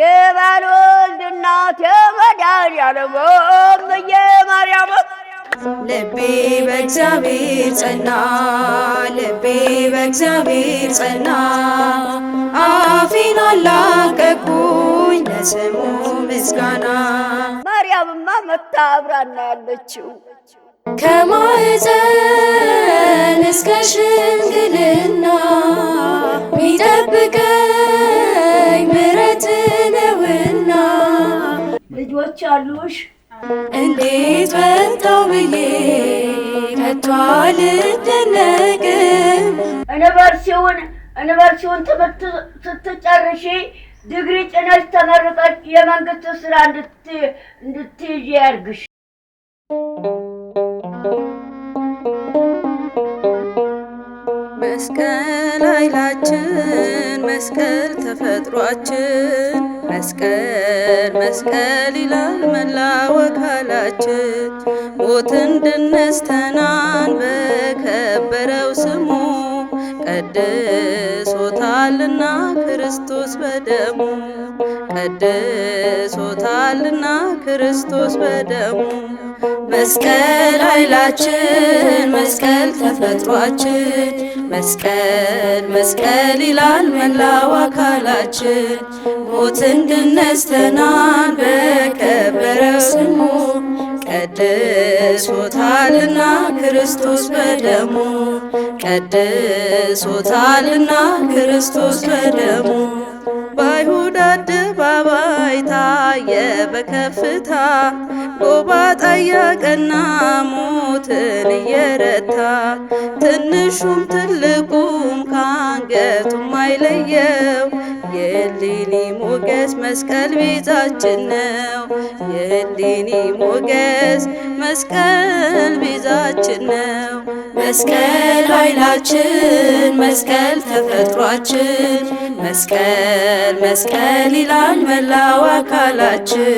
የባል ወልድ እናት የመድኃኒዓለም ማርያም ልቤ በእግዚአብሔር ጸና፣ ልቤ በእግዚአብሔር ጸና፣ አፌን አላቀኩኝ ለስሙ ምስጋና። ማርያምማ መታ አብራና ያለችው እስከ ሚጠብቀን ምህረት ነውና ልጆች አሉሽ እንዴት ወጣው ብዬ ከቷ ልደነቅም ዩኒቨርሲቲውን ዩኒቨርሲቲውን ትምህርት ስትጨርሺ ዲግሪ ጭነሽ ተመርቀሽ የመንግስት ስራ እንድትይዥ ያድርግሽ። መስቀል ኃይላችን መስቀል ተፈጥሯችን መስቀል መስቀል ይላል መላ ወካላችን ሞትን ድነስተናን በከበረው ስሙ ቀድሶታልና ክርስቶስ በደሙ ቀድሶታልና ክርስቶስ በደሙ መስቀል ኃይላችን መስቀል ተፈጥሯችን መስቀል መስቀል ይላል መላው አካላችን ሞትን ድል ነስተናል ስሙ ቀድሶታልና ክርስቶስ በደሙ ቀድሶታልና ክርስቶስ በደሙ በአይሁድ አደባባይ ታየ በከፍታ ጎባጣ እያቀና ሞትን እየረታ ትንሹም ትልቁም ከአንገቱም አይለየው የሊኒ ሞገስ መስቀል ቤዛችን ነው። የሊኒ ሞገስ መስቀል ቤዛችን ነው። መስቀል ኃይላችን መስቀል ተፈጥሯችን መስቀል መስቀል ይላል መላው አካላችን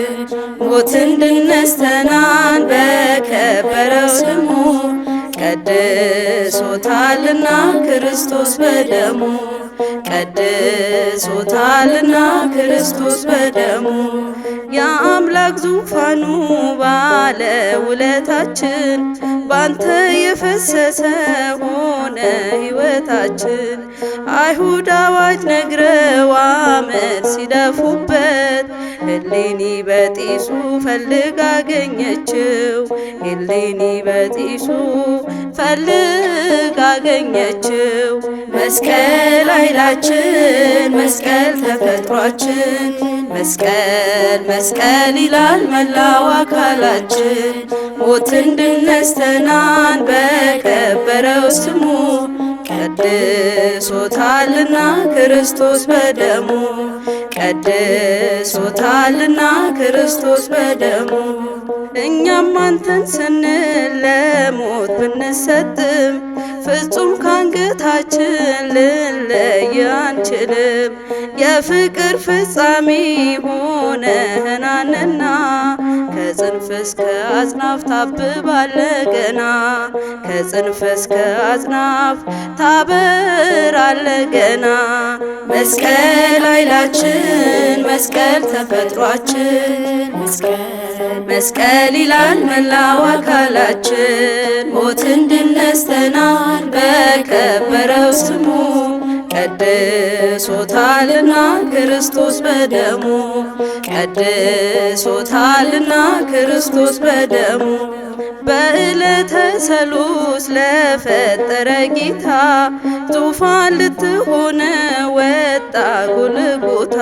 ሞትን ድነስተናን በከበረው ስሙ ቀድሶታልና ክርስቶስ በደሙ ቀድሶታልና ክርስቶስ በደሙ ታላቅ ዙፋኑ ባለ ውለታችን ባንተ የፈሰሰ ሆነ ሕይወታችን። አይሁድ አዋጅ ነግረው አመድ ሲደፉበት እሌኒ በጢሱ ፈልግ አገኘችው እሌኒ በጢሱ ፈልግ አገኘችው መስቀል ኃይላችን መስቀል ተፈጥሯችን መስቀል መስቀል ይላል መላው አካላችን ሞትን ድል ነስተናን በከበረው ስሙ ቀድሶታልና ክርስቶስ በደሙ ቀድሶታልና ክርስቶስ በደሙ እኛም አንተን ስንል ለሞት ብንሰጥም ፍጹም ካንገታችን ልንለይ አንችልም። የፍቅር ፍጻሜ ሆነህናንና ከጽንፍ እስከ አጽናፍ ታብባለ ገና ከጽንፍ እስከ አጽናፍ ታበራለ ገና መስቀል ኃይላችን መስቀል ተፈጥሯችን መስቀል ይላል መላው አካላችን ሞትን ድል ነስተናል በከበረው ስሙ ቀድሶታልና ክርስቶስ በደሙ ቀድሶታልና ክርስቶስ በደሙ በዕለተ ሰሉስ ለፈጠረ ጌታ ዙፋን ልትሆነ ወጣ ጎልጎታ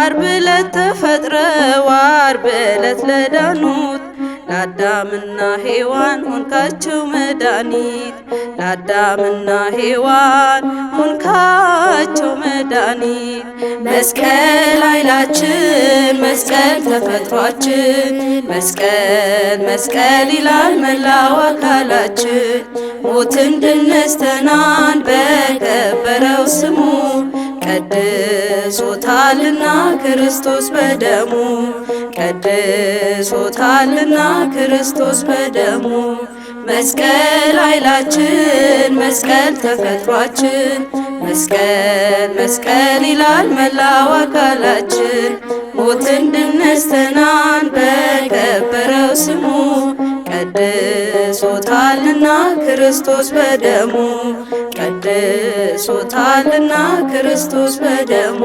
አርብ ዕለት ተፈጥረው አርብ ዕለት ለዳኑት ለአዳምና ሔዋን ሆንካቸው መድኃኒት ለአዳምና ሔዋን ሆንካቸው መድኃኒት መስቀል ኃይላችን መስቀል ተፈጥሯችን መስቀል መስቀል ይላል መላው አካላችን ሞትን ድል ነስተናን በከበረው ስሙ ቀድሶታልና ክርስቶስ በደሙ ቀድሶታልና ክርስቶስ በደሙ መስቀል ኃይላችን መስቀል ተፈጥሯችን መስቀል መስቀል ይላል መላው አካላችን ሞትን ድነስተናን በከበረው ስሙ ቀድሶታልና ክርስቶስ በደሙ ቀድሶታልና ክርስቶስ በደሙ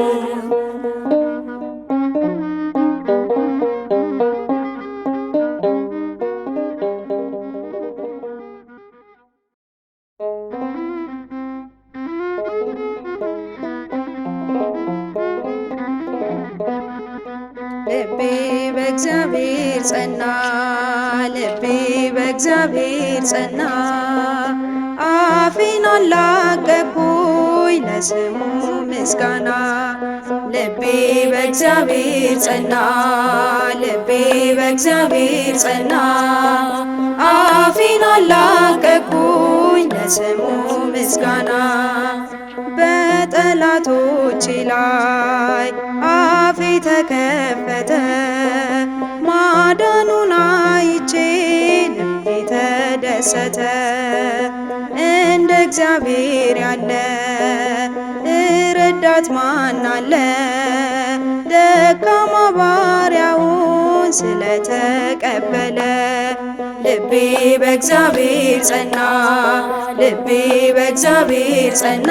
ለስሙ ምስጋና ልቤ በእግዚአብሔር ጸና፣ ልቤ በእግዚአብሔር ጸና። አፌን አላቀኩኝ ለስሙ ምስጋና በጠላቶች ላይ አፌ ተከፈተ ማዳኑን አይቼ ተከሰተ። እንደ እግዚአብሔር ያለ ረዳት ማን አለ? ደካማ ባሪያውን ስለተቀበለ ልቤ በእግዚአብሔር ጸና፣ ልቤ በእግዚአብሔር ጸና።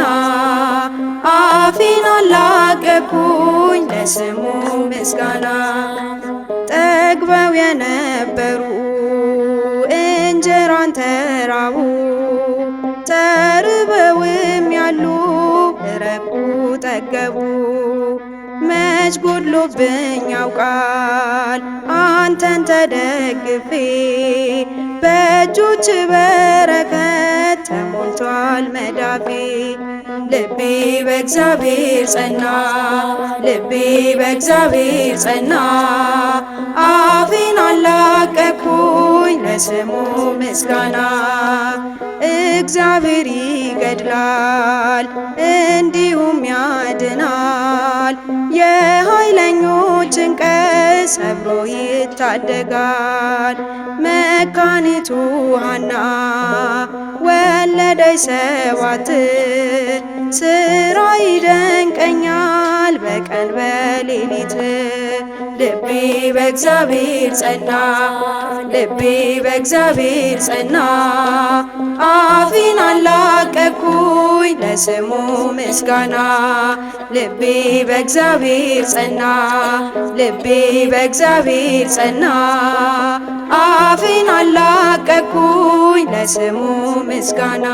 አፌን አላቀኩኝ ለስሙ ምስጋና ጠግበው የነበሩ እንጀራን ተራቡ ተርበውም ያሉ እረቁ ጠገቡ። መች ጎድሎብኝ ያውቃል አንተን ተደግፌ በእጆች በረከት ተሞልቷል መዳፌ ልቤ በእግዚአብሔር ጸና ልቤ በእግዚአብሔር ጸና አፌን አላቀኩኝ ለስሙ ምስጋና እግዚአብሔር ይገድላል እንዲሁም ያድናል የኃይለኞችን ቀስት ሰብሮ ይታደጋል መካነ ሌሊቱ ሃና ወለደች ሰባት ስራ ይደንቀኛል በቀን በሌሊት ልቤ በእግዚአብሔር ጸና፣ ልቤ በእግዚአብሔር ጸና። አፌን አላቀኩኝ ለስሙ ምስጋና፣ ልቤ በእግዚአብሔር ጸና፣ ልቤ በእግዚአብሔር ጸና። አፌን አላቀኩኝ ለስሙ ምስጋና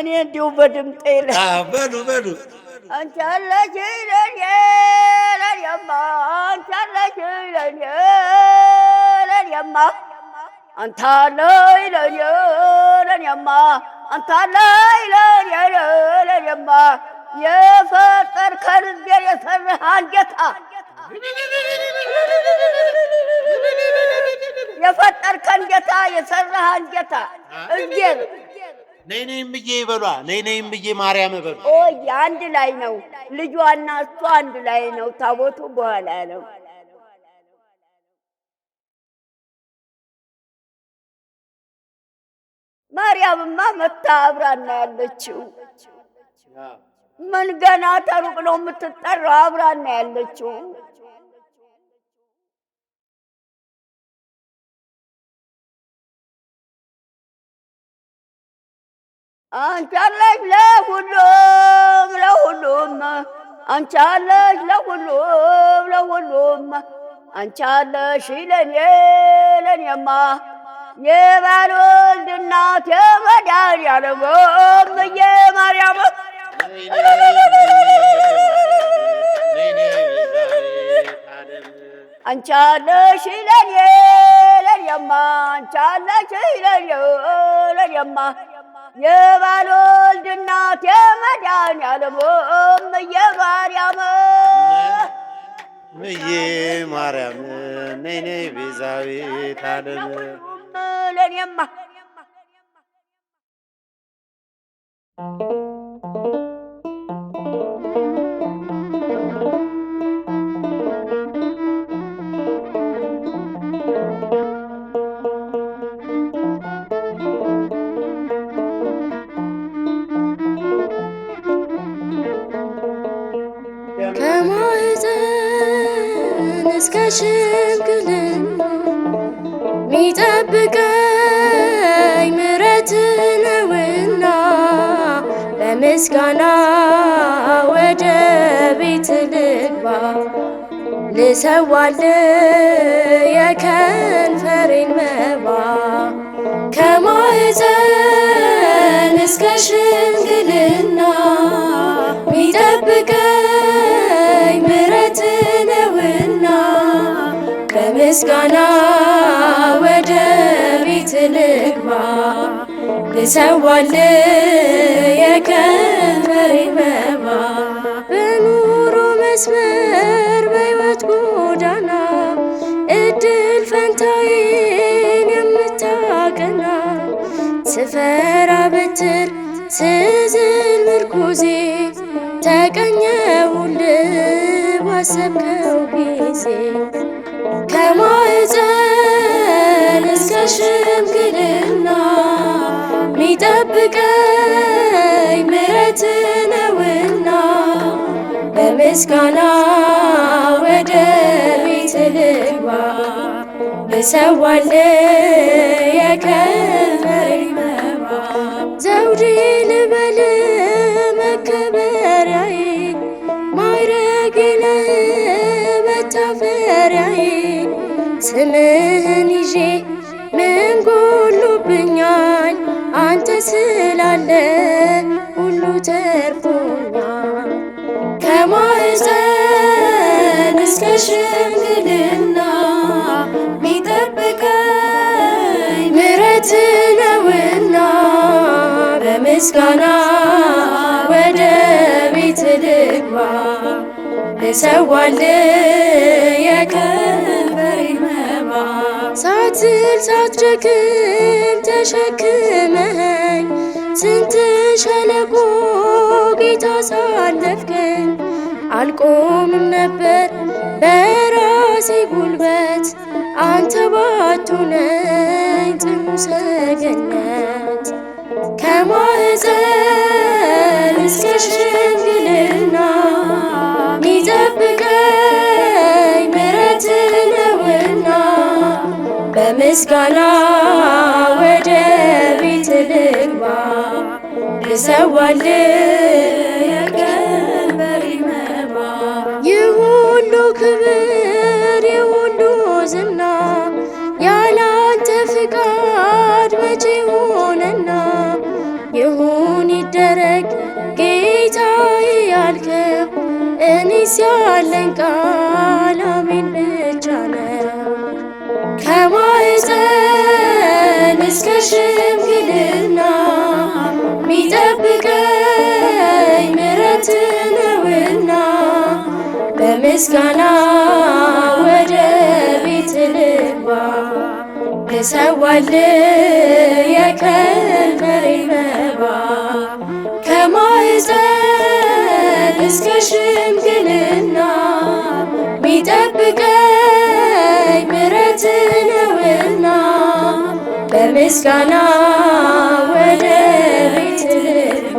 እኔ እንዲሁ በድምጤ በሉ በሉ አንቻለች ለኔ ለኔማ አንቻለች ለኔ ለኔማ አንታለይ ለኔ ለኔማ አንታለይ ለኔ ለኔማ የፈጠርከን እግዜር የሰራህን ጌታ የፈጠርከን ጌታ የሰራህን ጌታ እግዜር ነይ ነይ እምዬ ይበሏ። ነይ ነይ እምዬ ማርያም በሉ። ኦይ አንድ ላይ ነው ልጇና እሱ አንድ ላይ ነው። ታቦቱ በኋላ ነው። ማርያምማ መታ አብራና ያለችው ምን ገና ተሩቅ ነው የምትጠራው አብራና ያለችው አንቺ አለሽ ለሁሉም ለሁሉም አንቺ አለሽ ለሁሉም ለሁሉም አንቺ አለሽ ለኔ ለኔማ የባልወልድ እናት የመድኃኒዓለም የማርያም አንቺ አለሽ ለኔ ለኔማ አንቺ ለኔ ለኔማ የባለ ወልድ እናት የመድኃኒዓለም እምዬ ማርያም በሽምግልና ሚጠብቀኝ ምሕረት ነውና በምስጋና ወደ ቤት ልግባ ልሰዋል የከንፈሬን መባ እስከ በምስጋና ወደ ቤት ልግባ ልሰዋል የከንፈሬ መባ በኑሮ መስመር በሕይወት ጎዳና እድል ፈንታዬን የምታቀና ስፈራ ብትር ስዝል ምርኩዜ ተቀኘሁልህ ባሰብከው ጊዜ ከማህፀን እስከ ሽምግልና ሚጠብቀኝ ምሕረት ነውና በምስጋና ወደ ቤትህ ልግባ እሰዋለ የከበረ መባ ዘውዴ ልበል መከበሪያዬ ማይረግ ለመታፈ ስምህን ይዤ ምን ጎሎብኛል? አንተ ስላለ ሁሉ ተርፎኛል። ከማኅፀን እስከ ሽምግልና ሚጠብቀኝ ምሕረት ነውና በምስጋና ወደ ቤት ልግባ እሰዋል የከ ሳትል ሳትደክም ተሸክመኝ ስንት ሸለቆ ጌታ ሳለፍከኝ አልቆምም ነበር በራሴ ጉልበት አንተ ባቱነኝ ሰገነት ከማህፀን እስከ በምስጋና ወደ ቤት ልግባ ልሰዋል የቀንበሪ መባ የሁሉ ክብር የሁሉ ዝና ያላንተ ፍቃድ መቼ ሆነና ይሁን ይደረግ ጌታዬ ያልከው እኔ ሲያለኝ ቃል አሜን በሽምግልና ሚጠብቀኝ ምረት ነውና በምስጋና ወደ ቤት ልግባ እሰዋል የከንፈሬ መባ ከማኅፀን እስከ ሽምግልና ሚጠብቀኝ ምረት ነው ምስጋና ወደ ቤት ልግባ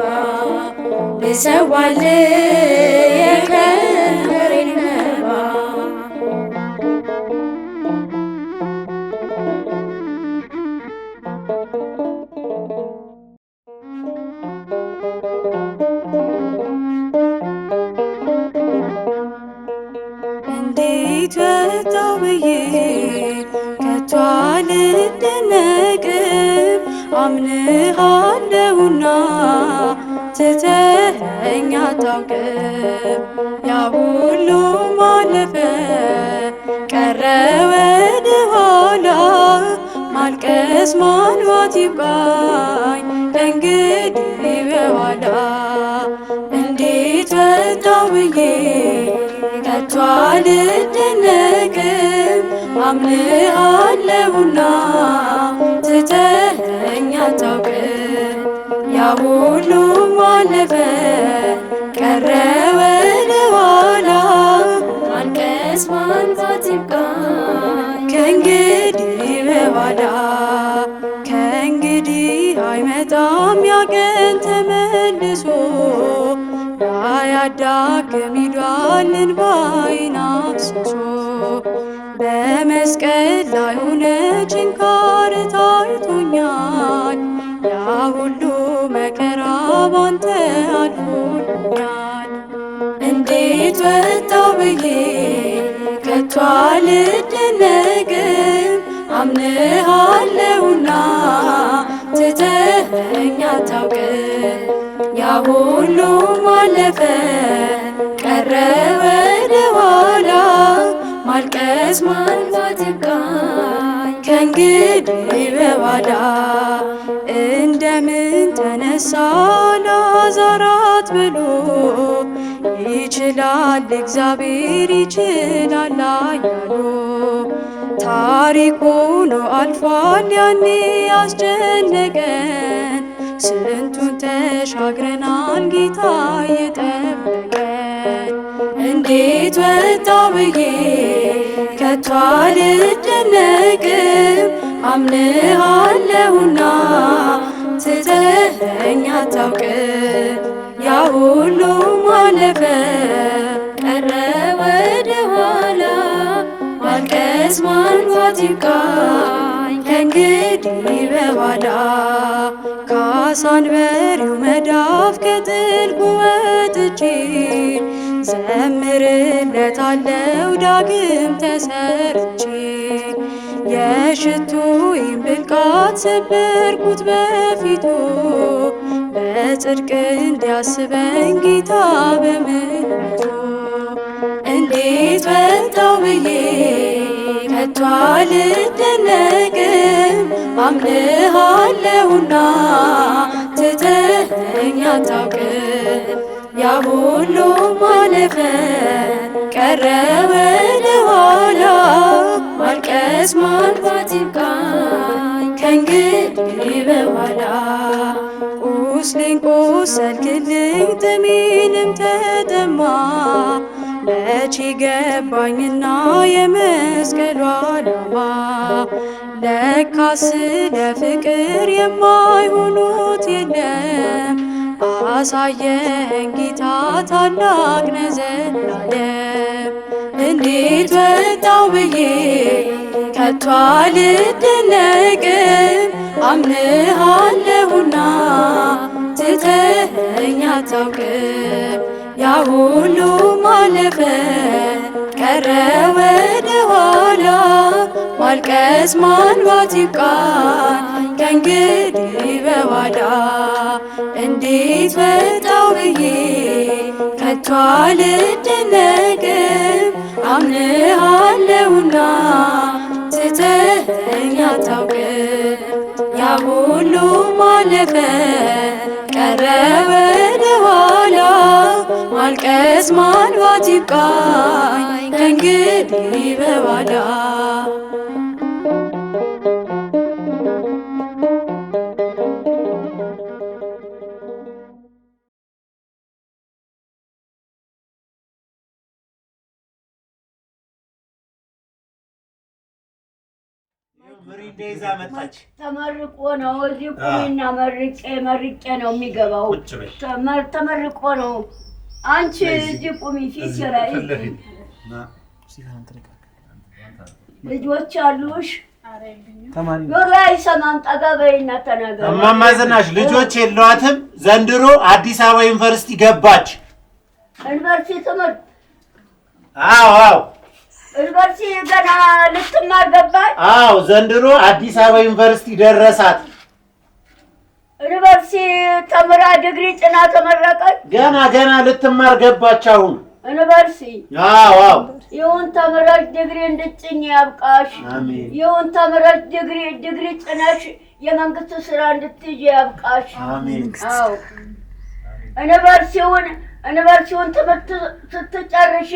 ልሰዋል አላውቅም ያ ሁሉ ማለፈ ቀረ ወደ ኋላ ማልቀስ ማልባት ይብቃኝ ከእንግዲህ በኋላ እንዴት ፈታው ብዬ ከቶ አልደነቅም አምንሃለሁና ትተኸኝ አታውቅም ያ ሁሉ ማለፈ ከእንግዲህ በባዳ ከእንግዲህ አይመጣም ያቀን ተመልሶ ያያዳግም ሂዷል እንባዬን በመስቀል ላይ ሆነ ችንካር ታይቶኛል ያ ሁሉ መከራ ባንተ አልፎኛል እንዴት ወጣው ብዬ ከቶ አልደነግም አምንሃለሁና ትተኸኝ አታውቅም። ያ ሁሉ አለፈ ቀረ ወደ ኋላ ማልቀስ ማልማት ይብቃኝ ከእንግዲህ በኋላ እንደምን ተነሳ ላዛራት ብሎ ይችላል እግዚአብሔር ይችላል አያሉ ታሪክ ሆኖ አልፏል ያኔ ያስጨነቀን ስንቱን ተሻግረናል ጌታ የጠበቀን እንዴት ወጣው ብዬ ከቶ አልጨነቅም አምንሃለሁና ትተኸኝ አታውቅም ያ ሁሉ ማለፈ ቀረ ወደ ኋላ ማልቀስ ማንባት ይብቃኝ ከእንግዲህ በኋላ ከአሳንበሪው መዳፍ ከጥልቁ ወጥቼ ዘምርለታለው ዳግም ተሰርቼ የሽቱዬን ብልቃት ሰበርኩት በፊቱ በጽድቅ እንዲያስበን ጌታ በምሕረቱ እንዴት በልተው ብዬ ከቶ አልደነቅም አምንሃለሁና ትተኸኝ አታውቅም ያ ሁሉ ማለፈ ቀረ ወደኋላ ማልቀስ ማልባት ይብቃኝ ከእንግዲህ በኋላ ቁስሌን ቆሰልክልኝ ጥሜንም ተጠማ መቼ ገባኝና የመስቀሉ ዓላማ ለካ ስለ ፍቅር የማይሆኑት የለም አሳየን ጌታ ታላቅ ነህ እንዴት ወጣው ብዬ ከቶ አልደነቅም አምንሃለሁና ትተኛ አታውቅም። ያ ሁሉ ማለፈ ቀረ ወደ ኋላ ማልቀስ ማልባት ይብቃን ከእንግዲህ በኋላ እንዴት ወጣው ብዬ ከቶ አልደነቅም አምንሃለሁና ትተኛ አታውቅም ያ ሁሉ ማለፈ ቀረ ወደኋላ ማልቀስ ማልባት ይብቃኝ ከእንግዲህ በኋላ ተመርቆ ነው እዚህ ቁሚና መርቄ መርቄ ነው የሚገባው። ተመርቆ ነው። አንቺ እዚህ ቁሚ፣ ፊት ላይ ልጆች አሉሽ። ጆሮ አይሰማም። ጠጋ በይና ተናገር። እማማ ዝናሽ ልጆች የለዋትም። ዘንድሮ አዲስ አበባ ዩኒቨርሲቲ ገባች። ዩኒቨርሲቲ ትምህርት አዎ፣ አዎ ዩኒቨርሲቲ ገና ልትማር ገባች። አዎ ዘንድሮ አዲስ አበባ ዩኒቨርሲቲ ደረሳት። ዩኒቨርሲቲ ተምራ ዲግሪ ጭና ተመረቀች። ገና ገና ልትማር ገባች። አሁን ዩኒቨርሲቲ አዎ፣ አዎ። ይሁን ተምረሽ ዲግሪ እንድትጭኝ ያብቃሽ። አሜን። ይሁን ተምረሽ ዲግሪ ዲግሪ ጭነሽ የመንግስት ስራ እንድትይ ያብቃሽ። አሜን። አዎ ዩኒቨርሲቲውን ዩኒቨርሲቲውን ትምህርት ስትጨርሺ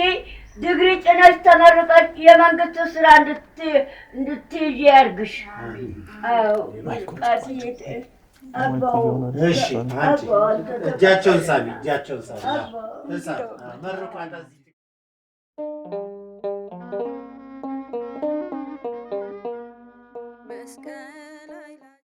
ድግሪ ጭነሽ ተመርቀሽ የመንግስት ስራ እንድትይዥ ያርግሽ። እጃቸውን ሳቢ፣ እጃቸውን ሳቢ። መስቀል